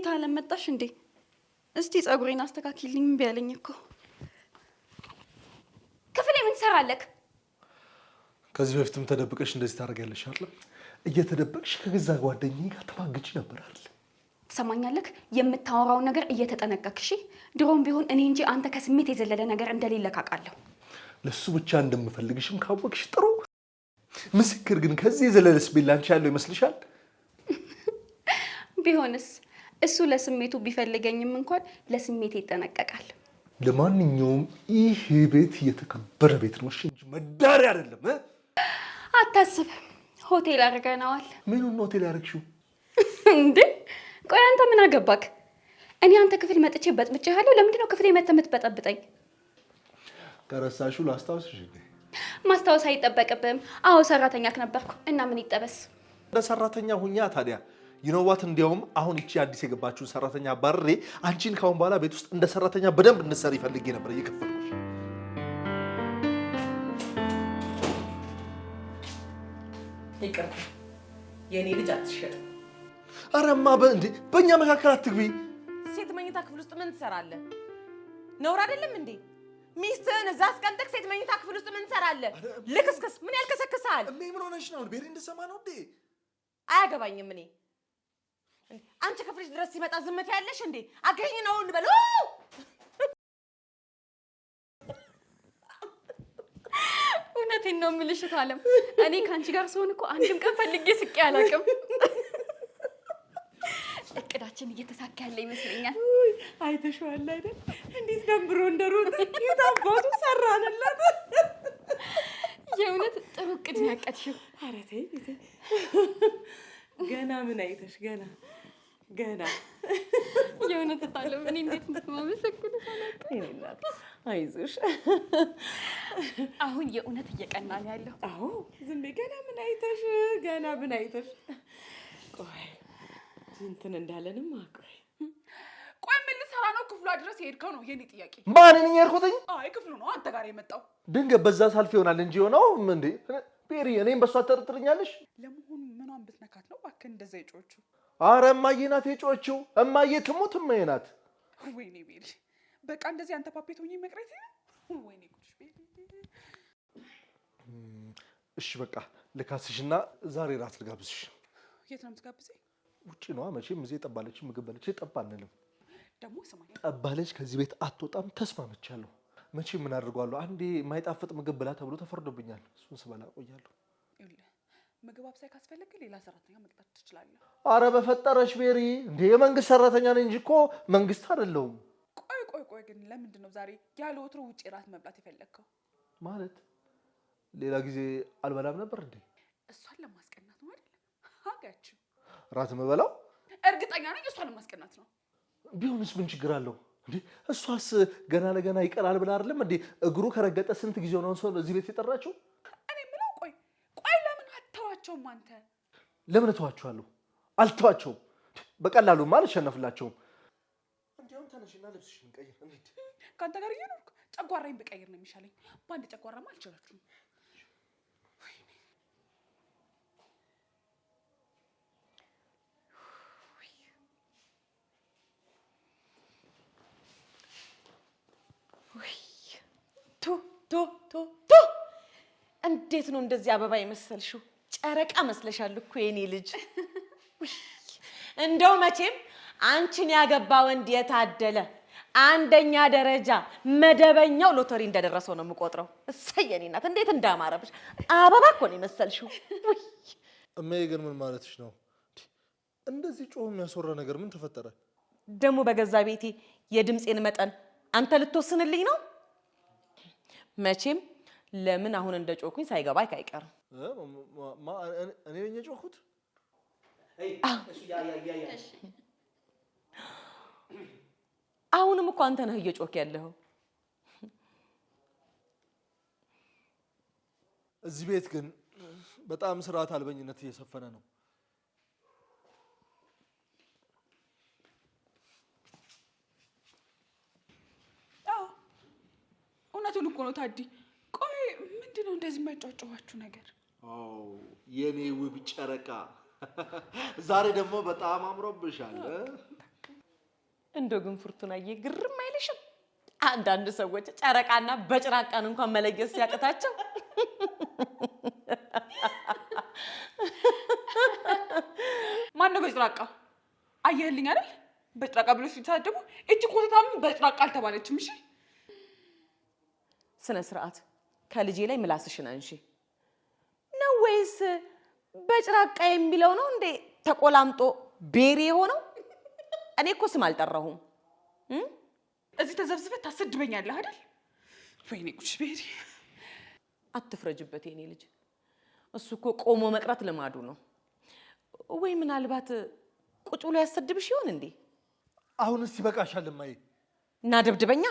ቤት አለመጣሽ እንዴ? እስቲ ጸጉሬን አስተካክልኝ እምቢ አለኝ እኮ። ክፍሌ ምን ትሰራለህ? ከዚህ በፊትም ተደብቀሽ እንደዚህ ታደርጊያለሽ አለ። እየተደበቅሽ ከገዛ ጓደኛዬ ጋር ተማግጭ ነበር አለ። ትሰማኛለህ? የምታወራውን ነገር እየተጠነቀቅሽ። ድሮም ቢሆን እኔ እንጂ አንተ ከስሜት የዘለለ ነገር እንደሌለ ካውቃለሁ። ለሱ ብቻ እንደምፈልግሽም ካወቅሽ ጥሩ። ምስክር ግን ከዚህ የዘለለ ስሜት ላንቺ ያለው ይመስልሻል? ቢሆንስ እሱ ለስሜቱ ቢፈልገኝም እንኳን ለስሜት ይጠነቀቃል። ለማንኛውም ይሄ ቤት የተከበረ ቤት ነው እንጂ መዳሪ አይደለም። አታስብ፣ ሆቴል አድርገነዋል። ምኑን ሆቴል ያደርግሽው እንዴ? ቆይ አንተ ምን አገባክ? እኔ አንተ ክፍል መጥቼ በጥብጬሃለሁ። ለምንድን ነው ክፍል መተህ የምትበጠብጠኝ? ከረሳሽው ላስታውስሽ። ማስታወስ አይጠበቅብም አዎ ሰራተኛክ ነበርኩ እና ምን ይጠበስ? እንደ ሰራተኛ ሁኛ ታዲያ ዩኖዋት እንዲያውም አሁን እቺ አዲስ የገባችውን ሰራተኛ ባሬ አንቺን ካሁን በኋላ ቤት ውስጥ እንደ ሰራተኛ በደንብ እንሰር ይፈልጌ ነበር እየከፈል የእኔ ልጅ አትሸጥ። አረማ በእንዴ በእኛ መካከል አትግቢ። ሴት መኝታ ክፍል ውስጥ ምን ትሰራለህ? ነውር አይደለም እንዴ? ሚስትህን እዛ አስቀምጠህ ሴት መኝታ ክፍል ውስጥ ምን ትሰራለህ? ልክስክስ ምን ያልከሰክሳል? ምን ሆነሽ ነው? ቤሬ እንድሰማ ነው እንዴ? አያገባኝም እኔ አንቺ ክፍልሽ ድረስ ሲመጣ ዝምት ያለሽ እንዴ? አገኝ ነው እንበል። እውነቴን ነው የምልሽ አለም እኔ ከአንቺ ጋር ስሆን እኮ አንድም ቀን ፈልጌ ስቄ አላውቅም። እቅዳችን እየተሳካ ያለ ይመስለኛል። አይተሽዋል አይደል? እንዴት ደንብሮ እንደሮጥ የታባቱ ሰራንላት። የእውነት ጥሩ እቅድ ነው ያቀድሽው። ኧረ ተይ ገና ምን አይተሽ ገና ገና የእውነት ታለም እኔ እንዴት እንደማመሰግን አይዞሽ። አሁን የእውነት እየቀና ነው ያለው። አዎ ዝም ብዬ ገና ምን አይተሽ ገና ምን አይተሽ። ቆይ እንትን እንዳለንማ ቆይ ነው? ክፍሏ ድረስ የሄድከው ነው የኔ ጥያቄ። ማንን የሄድኩትኝ? አይ ክፍሉ ነው አንተ ጋር የመጣው። ድንገት በዛ ሳልፍ ይሆናል እንጂ የሆነው እንዴ። ቤሪ እኔም በሷ ተጠርጥርኛለሽ። ለመሆኑ ምኗን ብትነካት ነው እባክህ እንደዛ የጮቹ አረ እማዬ ናት የጮችው። እማዬ ትሙት እማዬ ናት። ወይኔ ቤል በቃ እንደዚህ አንተ ፓፔት ሆኜ መቅረት። ወይኔ ጉድሽ ቤል። እሺ በቃ ልካስሽና ዛሬ ራት ልጋብዝሽ። የት ነው የምትጋብዘኝ? ውጪ ነዋ። መቼም እዚህ የጠባለች ምግብ በለች ጠባ አንልም። ደግሞ ስማኝ፣ ጠባለች ከዚህ ቤት አትወጣም። ተስማምቻለሁ። መቼ ምን አድርጓለሁ። አንዴ የማይጣፍጥ ምግብ ብላ ተብሎ ተፈርዶብኛል። እሱን ስበላ ቆያለሁ። ምግብ አብሳይ ካስፈለገ ሌላ ሰራተኛ መቅጠር ትችላለህ። አረ በፈጠረሽ ቤሪ እንደ የመንግስት ሰራተኛ ነኝ እንጂ እኮ መንግስት አይደለሁም። ቆይ ቆይ ቆይ ግን ለምንድን ነው ዛሬ ያለ ወትሮ ውጭ ራት መብላት የፈለግከው? ማለት ሌላ ጊዜ አልበላም ነበር እንዴ? እሷን ለማስቀናት ነው አይደል? ሀጋችሁ ራት የምበላው እርግጠኛ ነኝ እሷን ለማስቀናት ነው። ቢሆንስ ምን ችግር አለው? እሷስ ገና ለገና ይቀራል ብላ አይደለም እንዴ? እግሩ ከረገጠ ስንት ጊዜ ሆነውን ሰው እዚህ ቤት የጠራችው? አትተዋቸውም አንተ። ለምን እተዋቸዋለሁ? አልተዋቸውም። በቀላሉማ አልሸነፍላቸውም። እንዲያውም ተነሽና ልብስሽን እንቀይር። ከአንተ ጋር እየኖርኩ ጨጓራዬን ብቀይር ነው የሚሻለኝ። በአንድ ጨጓራማ አልችላችሁም። ቱ ቶ እንዴት ነው እንደዚህ አበባ የመሰልሽው? ጨረቃ መስለሻል እኮ የኔ ልጅ። እንደው መቼም አንቺን ያገባ ወንድ የታደለ አንደኛ ደረጃ መደበኛው ሎተሪ እንደደረሰው ነው የምቆጥረው። እሰየኔ እናት እንዴት እንዳማረብሽ! አበባ እኮ ነው የመሰልሽው። እማዬ ግን ምን ማለትሽ ነው? እንደዚህ ጮህ የሚያስወራ ነገር ምን ተፈጠረ? ደግሞ በገዛ ቤቴ የድምፄን መጠን አንተ ልትወስንልኝ ነው? መቼም ለምን አሁን እንደ ጮኩኝ ሳይገባ አይቀርም። እኔ ነኝ የጮኩት። አሁንም እኮ አንተ ነህ እየጮክ ያለው። እዚህ ቤት ግን በጣም ስርዓት አልበኝነት እየሰፈነ ነው። እውነቱን እኮ ነው ታዲ። ቆይ ምንድን ነው እንደዚህ የሚያጫጫዋችሁ ነገር? የኔ ውብ ጨረቃ ዛሬ ደግሞ በጣም አምሮብሻል። እንደ ግን ፍርቱናዬ ግርም አይልሽም? አንዳንድ ሰዎች ጨረቃና በጭራቃን እንኳን መለየት ሲያቅታቸው ማነው በጭራቃ አየህልኝ አይደል? በጭራቃ ብሎ ሲታደሙ እጅ ኮተታም በጭራቃ አልተባለችም። እሺ ስነ ስርዓት ከልጄ ላይ ምላስሽን አንሺ ወይስ በጭራቃ የሚለው ነው እንዴ ተቆላምጦ ቤሬ የሆነው? እኔ እኮ ስም አልጠራሁም። እዚህ ተዘብዝበ ታሰድበኛለህ አይደል? ወይኔ ጉድ ቤሪ፣ አትፍረጅበት የኔ ልጅ። እሱ እኮ ቆሞ መቅረት ልማዱ ነው። ወይ ምናልባት ቁጭ ብሎ ያሰድብሽ ይሆን እንዴ? አሁንስ ይበቃሻል እማዬ። እናደብድበኛ፣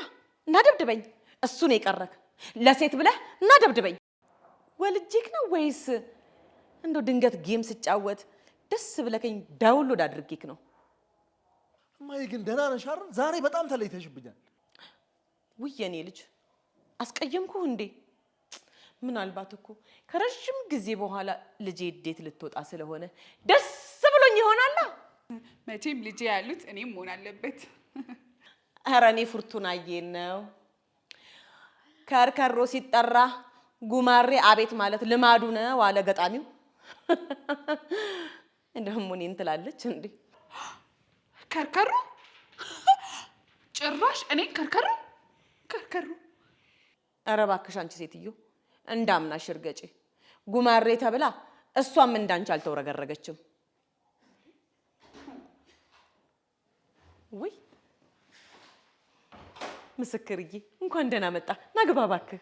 እናደብድበኝ። እሱን የቀረክ ለሴት ብለህ እናደብድበኝ። ወልጄክ ነው ወይስ እንደው ድንገት ጌም ስጫወት ደስ ብለከኝ ዳውንሎድ አድርጌክ ነው? እማዬ ግን ደህና ነሽ አይደል? ዛሬ በጣም ተለይተሽብኛል። ውይ የኔ ልጅ አስቀየምኩ እንዴ? ምናልባት እኮ ከረዥም ጊዜ በኋላ ልጄ እዴት ልትወጣ ስለሆነ ደስ ብሎኝ ይሆናላ። መቼም ልጄ ያሉት እኔም መሆን አለበት። ኧረ እኔ ፍርቱናዬ ነው ከርከሮ ሲጠራ ጉማሬ አቤት ማለት ልማዱ ነው አለ ገጣሚው። እንደውም እኔን ትላለች እንዴ ከርከሩ ጭራሽ እኔ ከርከሩ ከርከሩ። ኧረ እባክሽ አንቺ ሴትዮ እንዳምናሽ እርገጪ። ጉማሬ ተብላ እሷም እንዳንቺ አልተውረገረገችም። ውይ ምስክርዬ፣ እንኳን ደህና መጣ። ና ግባ እባክህ።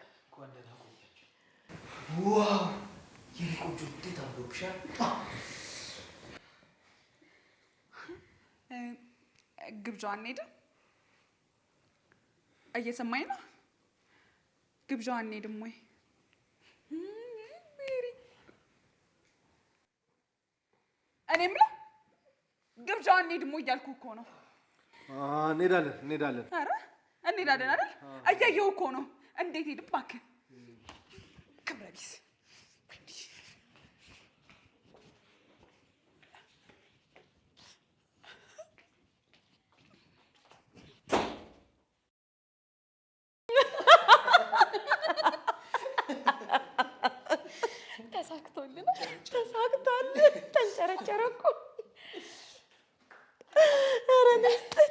ዋው የኔ ቆንጆ እንዴት አምሮብሻል! ግብዣ አንሄድም? እየሰማኝ ነው። ግብዣ አንሄድም ወይ? እኔ የምለው ግብዣ አንሄድም ወይ እያልኩ እኮ ነው። እንሄዳለን፣ እንሄዳለን፣ ኧረ እንሄዳለን አይደል? እያየሁ እኮ ነው። እንዴት ሄድም እባክህ please. please.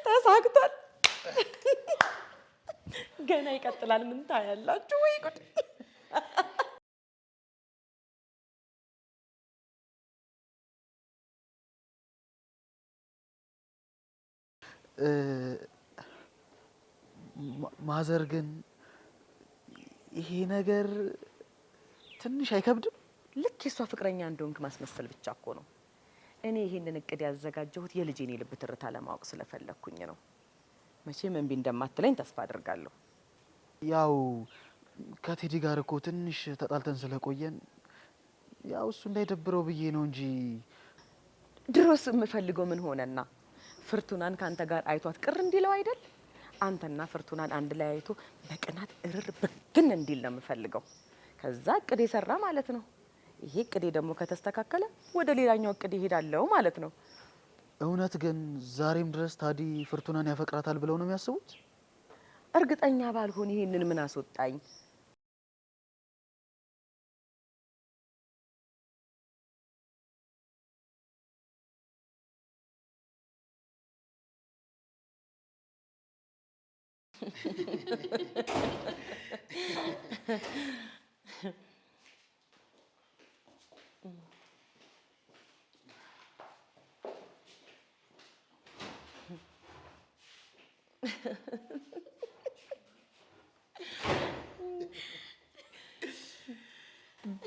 ተሳክቷል። ገና ይቀጥላል። ምን ታያላችሁ? ማዘር ግን ይሄ ነገር ትንሽ አይከብድም? ልክ የእሷ ፍቅረኛ እንደሆንክ ማስመሰል ብቻ እኮ ነው። እኔ ይሄንን እቅድ ያዘጋጀሁት የልጄን የልብ ትርታ ለማወቅ ስለፈለግኩኝ ነው። መቼም እምቢ እንደማትለኝ ተስፋ አድርጋለሁ። ያው ከቴዲ ጋር እኮ ትንሽ ተጣልተን ስለቆየን ያው እሱ እንዳይደብረው ብዬ ነው እንጂ ድሮስ የምፈልገው ምን ሆነና ፍርቱናን ከአንተ ጋር አይቷት ቅር እንዲለው አይደል? አንተና ፍርቱናን አንድ ላይ አይቶ በቅናት እርር ብግን እንዲል ነው የምፈልገው። ከዛ እቅድ የሰራ ማለት ነው። ይሄ እቅዴ ደግሞ ከተስተካከለ ወደ ሌላኛው እቅድ ይሄዳለው ማለት ነው። እውነት ግን ዛሬም ድረስ ታዲ ፍርቱናን ያፈቅራታል ብለው ነው የሚያስቡት? እርግጠኛ ባልሆን ይሄንን ምን አስወጣኝ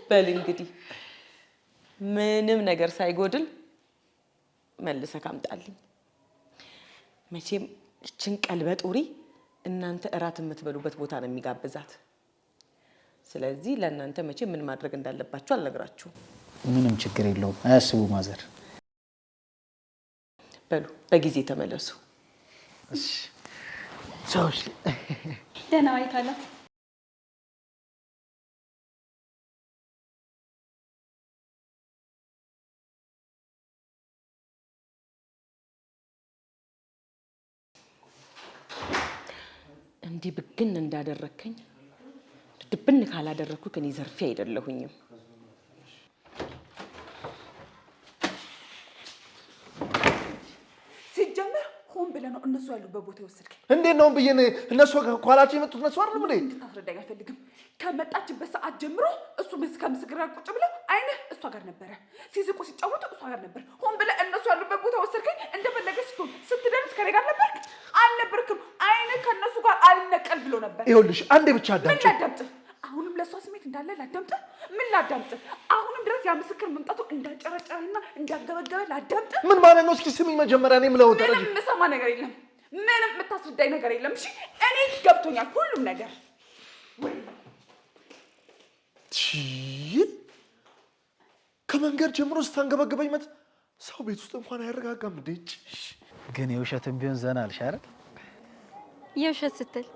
በል እንግዲህ ምንም ነገር ሳይጎድል መልሰህ ካምጣልኝ። መቼም ይችን ቀልበ ጡሪ እናንተ እራት የምትበሉበት ቦታ ነው የሚጋብዛት። ስለዚህ ለእናንተ መቼ ምን ማድረግ እንዳለባችሁ አልነግራችሁም። ምንም ችግር የለውም፣ አያስቡ ማዘር። በሉ በጊዜ ተመለሱ። ደህና ዋይታላት እንዲህ ብግን እንዳደረግከኝ ድብን ካላደረግኩ ግን ዘርፌ አይደለሁኝም። ሲጀመር ሆን ብለህ ነው እነሱ ያሉበት ቦታ የወሰድከኝ። እንዴት ነው ብዬ እነሱ ከኋላቸው የመጡት እነሱ አይደለም እንዴ? እንድታስረዳኝ አልፈልግም። ከመጣችበት ሰዓት ጀምሮ እሱ ከምስግራ ቁጭ ብለው አይንህ እሷ ጋር ነበረ። ሲስቁ ሲጫወቱ እሷ ጋር ነበር። ሆን ብለህ እነሱ ያሉበት ቦታ ወሰድከኝ። እንደፈለገ ስትሆን ስትደርስ ከእኔ ጋር ነበር ነበር። ይኸውልሽ አንዴ ብቻ አዳምጪ። አሁንም ለእሷ ስሜት እንዳለ ላዳምጥ። ምን ላዳምጥ? አሁንም ድረስ ያ ምስክር መምጣቱ እንዳጨረጨረና እንዳገበገበ ላዳምጥ። ምን ማለት ነው? እስኪ ስሚኝ መጀመሪያ እኔ የምለው ምንም የምሰማ ነገር የለም። ምንም የምታስረዳኝ ነገር የለም። እሺ እኔ ገብቶኛል ሁሉም ነገር ከመንገድ ጀምሮ ስታንገበገበኝ መት ሰው ቤት ውስጥ እንኳን አያረጋጋም። ድጭ ግን የውሸትም ቢሆን ዘና አልሽ አይደል? የውሸት ስትል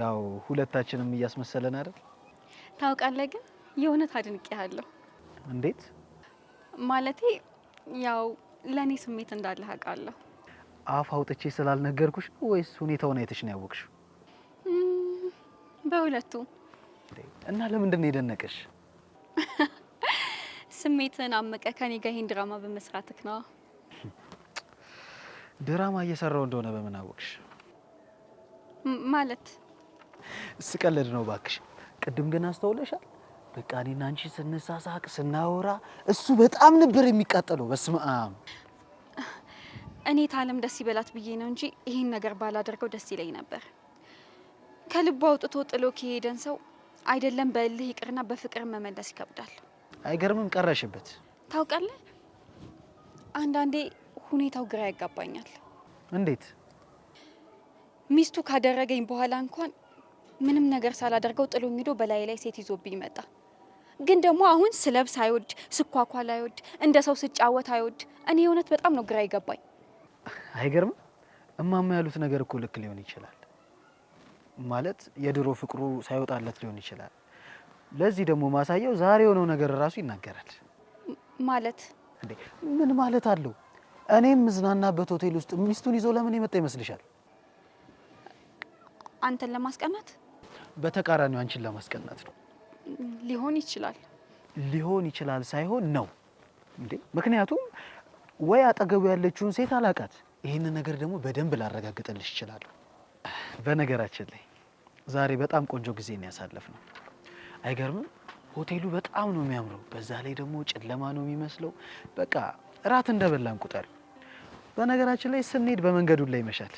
ያው ሁለታችንም እያስመሰለን አይደል? ታውቃለህ፣ ግን የእውነት አድንቄሃለሁ። እንዴት ማለቴ? ያው ለእኔ ስሜት እንዳለህ አውቃለሁ። አፍ አውጥቼ ስላልነገርኩሽ ወይስ ሁኔታውን አይተሽ ነው ያወቅሽ? በሁለቱ። እና ለምንድን ነው የደነቀሽ? ስሜትን አመቀ ከኔ ጋር ይህን ድራማ በመስራትክ ነው። ድራማ እየሰራው እንደሆነ በምን አወቅሽ? ማለት ስቀልድ ነው ባክሽ። ቅድም ግን አስተውለሻል? በቃ እኔና አንቺ ስንሳሳቅ ስናወራ እሱ በጣም ነበር የሚቃጠለው። በስመ አብ። እኔ ታለም ደስ ይበላት ብዬ ነው እንጂ ይህን ነገር ባላደርገው ደስ ይለኝ ነበር። ከልቡ አውጥቶ ጥሎ ከሄደን ሰው አይደለም በእልህ ይቅርና በፍቅር መመለስ ይከብዳል። አይገርምም? ቀረሽበት። ታውቃለህ፣ አንዳንዴ ሁኔታው ግራ ያጋባኛል። እንዴት ሚስቱ ካደረገኝ በኋላ እንኳን ምንም ነገር ሳላደርገው ጥሎኝ ሄዶ በላይ ላይ ሴት ይዞብኝ መጣ። ግን ደግሞ አሁን ስለብስ አይወድ፣ ስኳኳል አይወድ፣ እንደ ሰው ስጫወት አይወድ። እኔ እውነት በጣም ነው ግራ ይገባኝ። አይገርምም? እማማ ያሉት ነገር እኮ ልክ ሊሆን ይችላል። ማለት የድሮ ፍቅሩ ሳይወጣለት ሊሆን ይችላል። ለዚህ ደግሞ ማሳየው ዛሬ የሆነው ነገር እራሱ ይናገራል። ማለት ምን ማለት አለው? እኔም ምዝናናበት ሆቴል ውስጥ ሚስቱን ይዞ ለምን የመጣ ይመስልሻል? አንተን ለማስቀናት በተቃራኒው አንቺን ለማስቀናት ነው። ሊሆን ይችላል ሊሆን ይችላል ሳይሆን ነው እንዴ። ምክንያቱም ወይ አጠገቡ ያለችውን ሴት አላቃት። ይህንን ነገር ደግሞ በደንብ ላረጋግጥልሽ ይችላል በነገራችን ላይ ዛሬ በጣም ቆንጆ ጊዜ ነው ያሳለፍነው። አይገርምም? ሆቴሉ በጣም ነው የሚያምረው። በዛ ላይ ደግሞ ጨለማ ነው የሚመስለው። በቃ እራት እንደበላን ቁጠር። በነገራችን ላይ ስንሄድ በመንገዱ ላይ ይመሻል።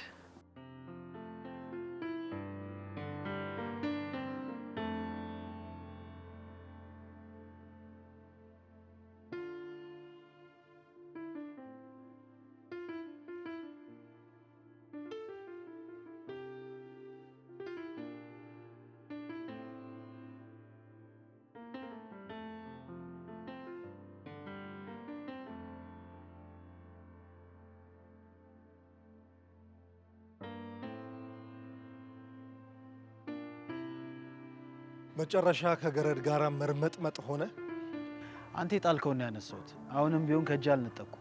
መጨረሻ ከገረድ ጋር መርመጥመጥ ሆነ። አንተ የጣልከውን ነው ያነሳሁት። አሁንም ቢሆን ከእጅ አልነጠቅኩም።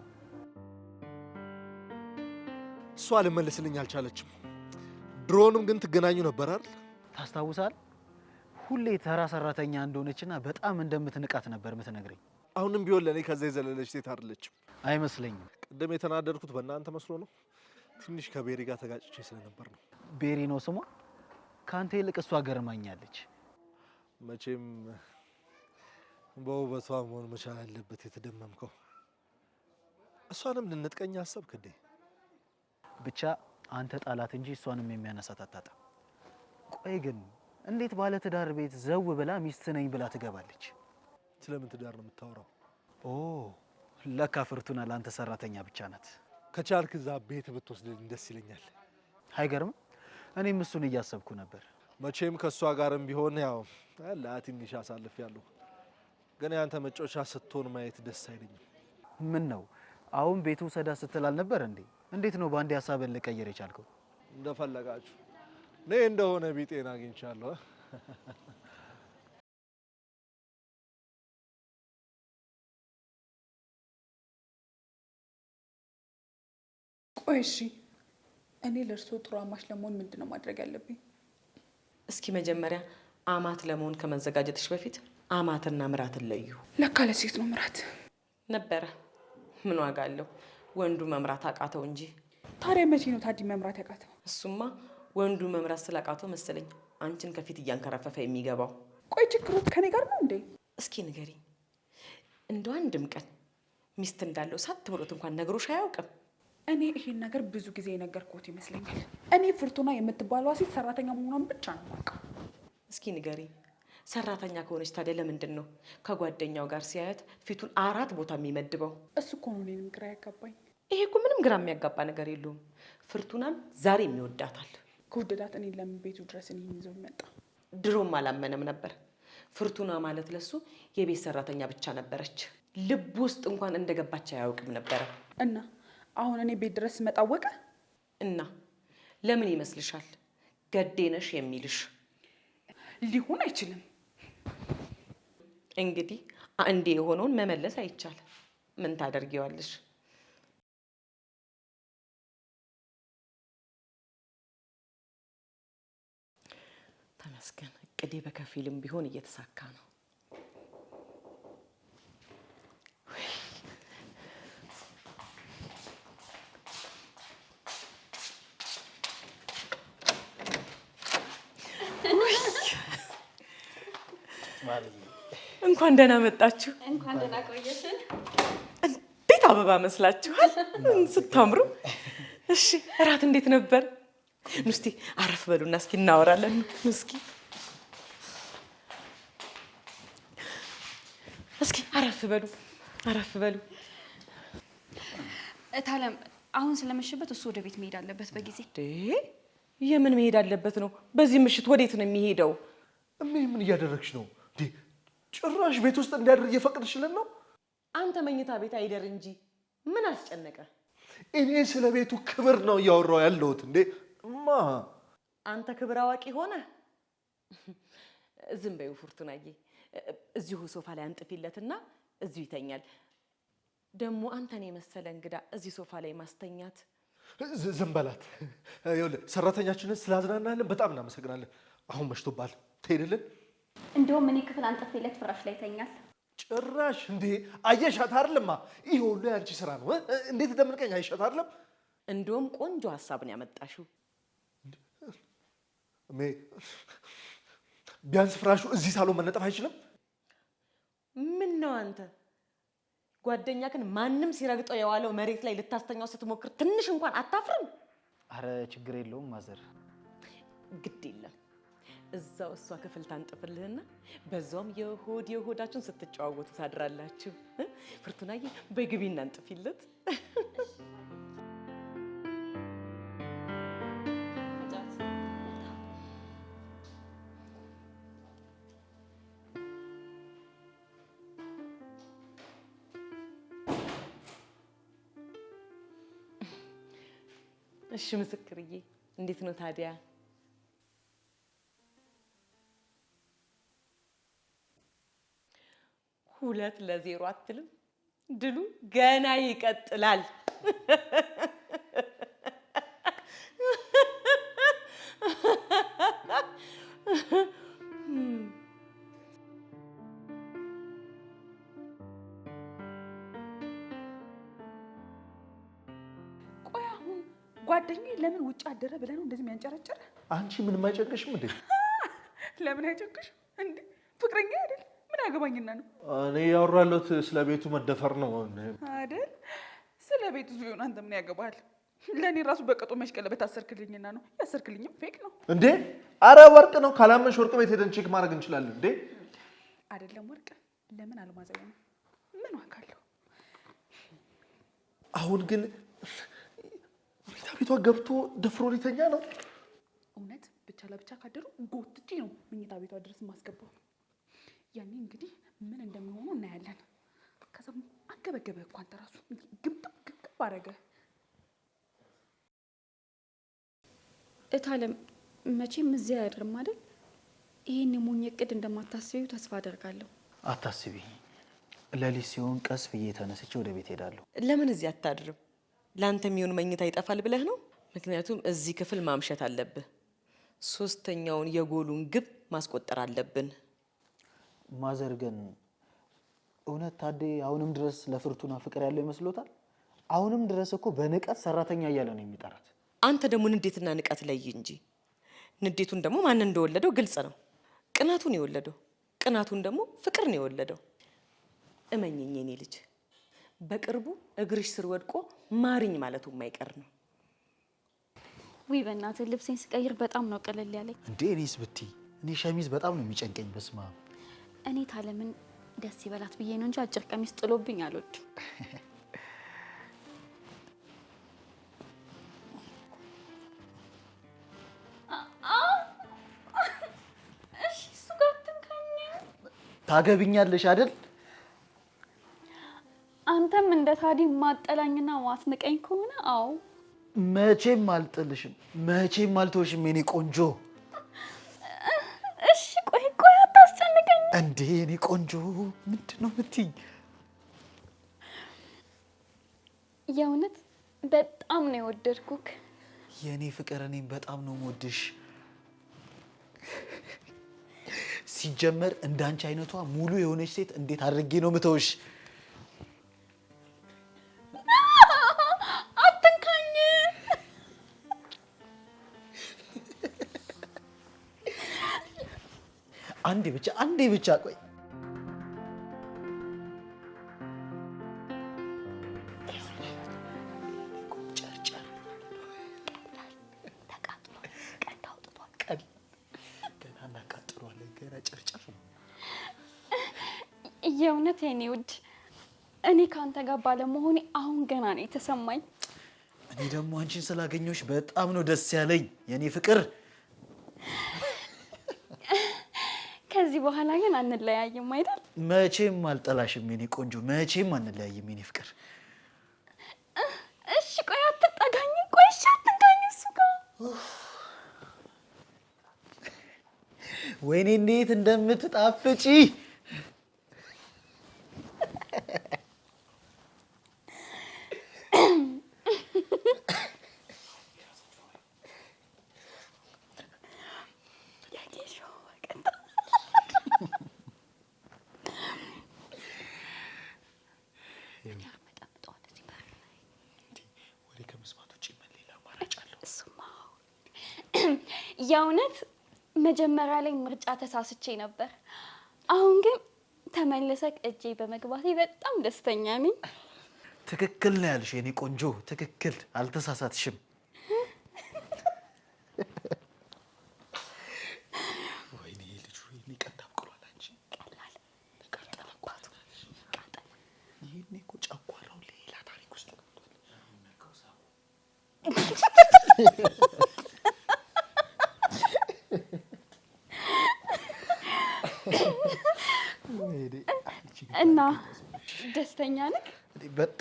እሷ ልመልስልኝ አልቻለችም። ድሮንም ግን ትገናኙ ነበር አይደል? ታስታውሳል? ሁሌ ተራ ሰራተኛ እንደሆነችና በጣም እንደምትንቃት ነበር የምትነግረኝ። አሁንም ቢሆን ለእኔ ከዛ የዘለለች ሴት አይደለችም። አይመስለኝም። ቅድም የተናደድኩት በእናንተ መስሎ ነው። ትንሽ ከቤሪ ጋር ተጋጭቼ ስለነበር ነው። ቤሪ ነው ስሟ። ከአንተ ይልቅ እሷ ገርማኛለች። መቼም በውበቷ መሆን መቻል አለበት የተደመምከው። እሷንም ልንጥቀኝ አሰብክ እንዴ? ብቻ አንተ ጣላት እንጂ እሷንም የሚያነሳት አታጣም። ቆይ ግን እንዴት ባለ ትዳር ቤት ዘው ብላ ሚስት ነኝ ብላ ትገባለች? ስለምን ትዳር ነው የምታወራው? ኦ ለካ ፍርቱና ለአንተ ሰራተኛ ብቻ ናት። ከቻልክ እዛ ቤት ብትወስድ ደስ ይለኛል። አይገርም? እኔም እሱን እያሰብኩ ነበር። መቼም ከእሷ ጋርም ቢሆን ያው ትንሽ አሳልፍ ያለሁ ግን ያንተ መጫወቻ ስትሆን ማየት ደስ አይለኝም። ምን ነው አሁን ቤቱ ሰዳ ስትል አልነበር እንዴ? እንዴት ነው በአንድ ሀሳብን ልቀየር የቻልከው? እንደፈለጋችሁ እኔ እንደሆነ ቢጤን አግኝቻለሁ። ቆይ እሺ፣ እኔ ለእርሶ ጥሩ አማች ለመሆን ምንድን ነው ማድረግ ያለብኝ? እስኪ መጀመሪያ አማት ለመሆን ከመዘጋጀትሽ በፊት አማትና ምራትን ለዩ። ለካ ለሴት ነው ምራት ነበረ። ምን ዋጋ አለው? ወንዱ መምራት አቃተው እንጂ። ታዲያ መቼ ነው ታዲ መምራት ያቃተው? እሱማ ወንዱ መምራት ስላቃተው መሰለኝ አንቺን ከፊት እያንከረፈፈ የሚገባው። ቆይ ችግሮት ከኔ ጋር ነው እንዴ? እስኪ ንገሪ፣ እንደ አንድም ቀን ሚስት እንዳለው ሳት ብሎት እንኳን ነግሮሽ አያውቅም? እኔ ይሄን ነገር ብዙ ጊዜ የነገርኩት ይመስለኛል። እኔ ፍርቱና የምትባለዋ ሴት ሰራተኛ መሆኗን ብቻ ነው የማውቀው። እስኪ ንገሪ፣ ሰራተኛ ከሆነች ታዲያ ለምንድን ነው ከጓደኛው ጋር ሲያያት ፊቱን አራት ቦታ የሚመድበው? እሱ እኮ ነው እኔንም ግራ ያጋባኝ። ይሄ እኮ ምንም ግራ የሚያጋባ ነገር የለውም። ፍርቱናን ዛሬ የሚወዳታል። ከወደዳት እኔ ለምን ቤቱ ድረስ እኔን ይዘው ይመጣ? ድሮም አላመነም ነበር። ፍርቱና ማለት ለሱ የቤት ሰራተኛ ብቻ ነበረች። ልብ ውስጥ እንኳን እንደገባች አያውቅም ነበረ እና አሁን እኔ ቤት ድረስ ስመጣ አወቀ እና ለምን ይመስልሻል ገዴ ነሽ የሚልሽ? ሊሆን አይችልም። እንግዲህ አንዴ የሆነውን መመለስ አይቻል ምን ታደርጊዋለሽ? ተመስገን እቅዴ በከፊልም ቢሆን እየተሳካ ነው። እንኳን ደህና መጣችሁ። እንኳን ደህና ቆየሽን። እንዴት አበባ መስላችኋል ስታምሩ። እሺ እራት እንዴት ነበር? እስኪ አረፍ በሉና እስኪ እናወራለን። እስኪ እስኪ አረፍ በሉ አረፍ በሉ። እታለም አሁን ስለመሸበት እሱ ወደ ቤት መሄድ አለበት በጊዜ። የምን መሄድ አለበት ነው? በዚህ ምሽት ወዴት ነው የሚሄደው? እሜ ምን እያደረግሽ ነው? ጭራሽ ቤት ውስጥ እንዲያድር እየፈቀድሽልን ነው? አንተ መኝታ ቤት አይደር እንጂ ምን አስጨነቀ? እኔ ስለ ቤቱ ክብር ነው እያወራሁ ያለሁት። እንዴ እማ፣ አንተ ክብር አዋቂ ሆነ። ዝም በይው ፉርቱናዬ፣ እዚሁ ሶፋ ላይ አንጥፊለትና እዚሁ ይተኛል። ደግሞ አንተን የመሰለ እንግዳ እዚህ ሶፋ ላይ ማስተኛት ዝም በላት። ሰራተኛችንን ስላዝናናልን በጣም እናመሰግናለን። አሁን መሽቶባል፣ ትሄድልን እንደውም እኔ ክፍል አንጥፌለት ፍራሽ ላይ ይተኛል። ጭራሽ እንዴ! አየሻት አይደለማ? ይሄ ሁሉ ያንቺ ስራ ነው። እንዴት ደምልቀኝ አይሻት አይደለም? እንደውም ቆንጆ ሀሳብ ነው ያመጣሽው። ቢያንስ ፍራሹ እዚህ ሳሎን መነጠፍ አይችልም? ምን ነው አንተ ጓደኛ ግን ማንም ሲረግጠው የዋለው መሬት ላይ ልታስተኛው ስትሞክር ትንሽ እንኳን አታፍርም? አረ ችግር የለውም ማዘር፣ ግድ የለም እዛው እሷ ክፍል ታንጥፍልህና በዛውም የሆድ የሆዳችሁን ስትጨዋወቱ ታድራላችሁ። ፍርቱናዬ በግቢ እናንጥፊለት። እሺ ምስክርዬ፣ እንዴት ነው ታዲያ? ሁለት ለዜሮ አትልም። ድሉ ገና ይቀጥላል። ቆይ አሁን ጓደኛዬ ለምን ውጭ አደረ ብለህ ነው እንደዚህ የሚያንጨረጨረ? አንቺ ምን ማይጨቅሽም እንዴ? ለምን አይጨቅሽም እንዴ? አያገባኝና ነው። እኔ ያወራለት ስለ ቤቱ መደፈር ነው አይደል? ስለ ቤቱ ቢሆን አንተ ምን ያገባል? ለእኔ ራሱ በቀጦ መሽቀለበት አሰርክልኝና ነው። ያሰርክልኝም ፌክ ነው እንዴ? አረ ወርቅ ነው። ካላመንሽ ወርቅ ቤት ሄደን ቼክ ማድረግ እንችላለን። እንዴ አይደለም ወርቅ፣ ለምን አልማዘው ነው ምን ዋካለሁ። አሁን ግን ሁኔታ ቤቷ ገብቶ ደፍሮ ሊተኛ ነው። እውነት ብቻ ለብቻ ካደሩ ጎትቼ ነው መኝታ ቤቷ ድረስ የማስገባው። ያኔ እንግዲህ ምን እንደሚሆኑ እናያለን። ከዛም አንገበገበ እኮ አንተ ራሱ ግብጥብ ግብጥብ አደረገ። እታለም መቼም እዚያ አያድርም አይደል? ይህን የሞኝ እቅድ እንደማታስቢው ተስፋ አደርጋለሁ። አታስቢ። ሌሊት ሲሆን ቀስ ብዬ ተነስቼ ወደ ቤት ሄዳለሁ። ለምን እዚህ አታድርም? ለአንተ የሚሆን መኝታ ይጠፋል ብለህ ነው? ምክንያቱም እዚህ ክፍል ማምሸት አለብህ። ሶስተኛውን የጎሉን ግብ ማስቆጠር አለብን። ማዘርገን እውነት ታዴ አሁንም ድረስ ለፍርቱና ፍቅር ያለው ይመስሎታል? አሁንም ድረስ እኮ በንቀት ሰራተኛ እያለ ነው የሚጠራት። አንተ ደግሞ ንዴትና ንቀት ለይ እንጂ ንዴቱን ደግሞ ማን እንደወለደው ግልጽ ነው። ቅናቱን የወለደው ቅናቱን ደግሞ ፍቅር ነው የወለደው። እመኝኝ የኔ ልጅ በቅርቡ እግርሽ ስር ወድቆ ማሪኝ ማለቱ የማይቀር ነው። ውይ በእናትህ ልብሴን ስቀይር በጣም ነው ቀለል ያለኝ። እንዴ እኔስ ብቲ እኔ ሸሚዝ በጣም ነው የሚጨንቀኝ። በስማ እኔ ታለምን ደስ ይበላት ብዬ ነው እንጂ አጭር ቀሚስ ጥሎብኝ አልወድም። ታገብኛለሽ አይደል? አንተም እንደ ታዲ ማጠላኝና ማስንቀኝ ከሆነ አዎ፣ መቼም አልጥልሽም፣ መቼም አልተወሽም የኔ ቆንጆ እንዴ እኔ ቆንጆ ምንድን ነው የምትይኝ? የእውነት በጣም ነው የወደድኩክ። የእኔ ፍቅር እኔም በጣም ነው የምወድሽ። ሲጀመር እንዳንቺ አይነቷ ሙሉ የሆነች ሴት እንዴት አድርጌ ነው ምተውሽ? አንዴ ብቻ እንዲህ ብቻ ቆይ የእውነት የኔ ውድ እኔ ከአንተ ጋር ባለመሆኔ አሁን ገና ነው የተሰማኝ። እኔ ደግሞ አንቺን ስላገኘሁሽ በጣም ነው ደስ ያለኝ የእኔ ፍቅር። ከዚህ በኋላ ግን አንለያይም አይደል? መቼም አልጠላሽም የኔ ቆንጆ፣ መቼም አንለያይም የኔ ፍቅር። እሺ ቆይ አትጠጋኝ፣ ቆይ እሺ አትጠጋኝ። እሱ ጋር ወይኔ እንዴት እንደምትጣፍጪ የእውነት መጀመሪያ ላይ ምርጫ ተሳስቼ ነበር። አሁን ግን ተመልሰክ እጄ በመግባቴ በጣም ደስተኛ ነኝ። ትክክል ነው ያልሽ የኔ ቆንጆ፣ ትክክል አልተሳሳትሽም።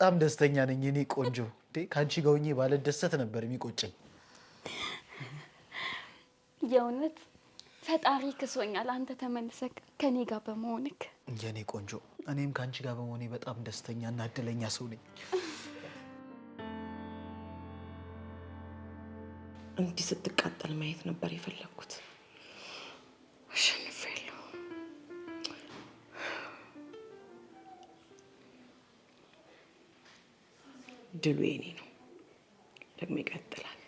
በጣም ደስተኛ ነኝ እኔ ቆንጆ። ከአንቺ ጋር ሆኜ ባልደሰት ነበር የሚቆጨኝ። የእውነት ፈጣሪ ክሶኛል፣ አንተ ተመልሰህ ከኔ ጋር በመሆንክ። የኔ ቆንጆ፣ እኔም ከአንቺ ጋር በመሆኔ በጣም ደስተኛ እና እድለኛ ሰው ነኝ። እንዲህ ስትቃጠል ማየት ነበር የፈለግኩት። ድሉ የኔ ነው። ደግሞ ይቀጥላል።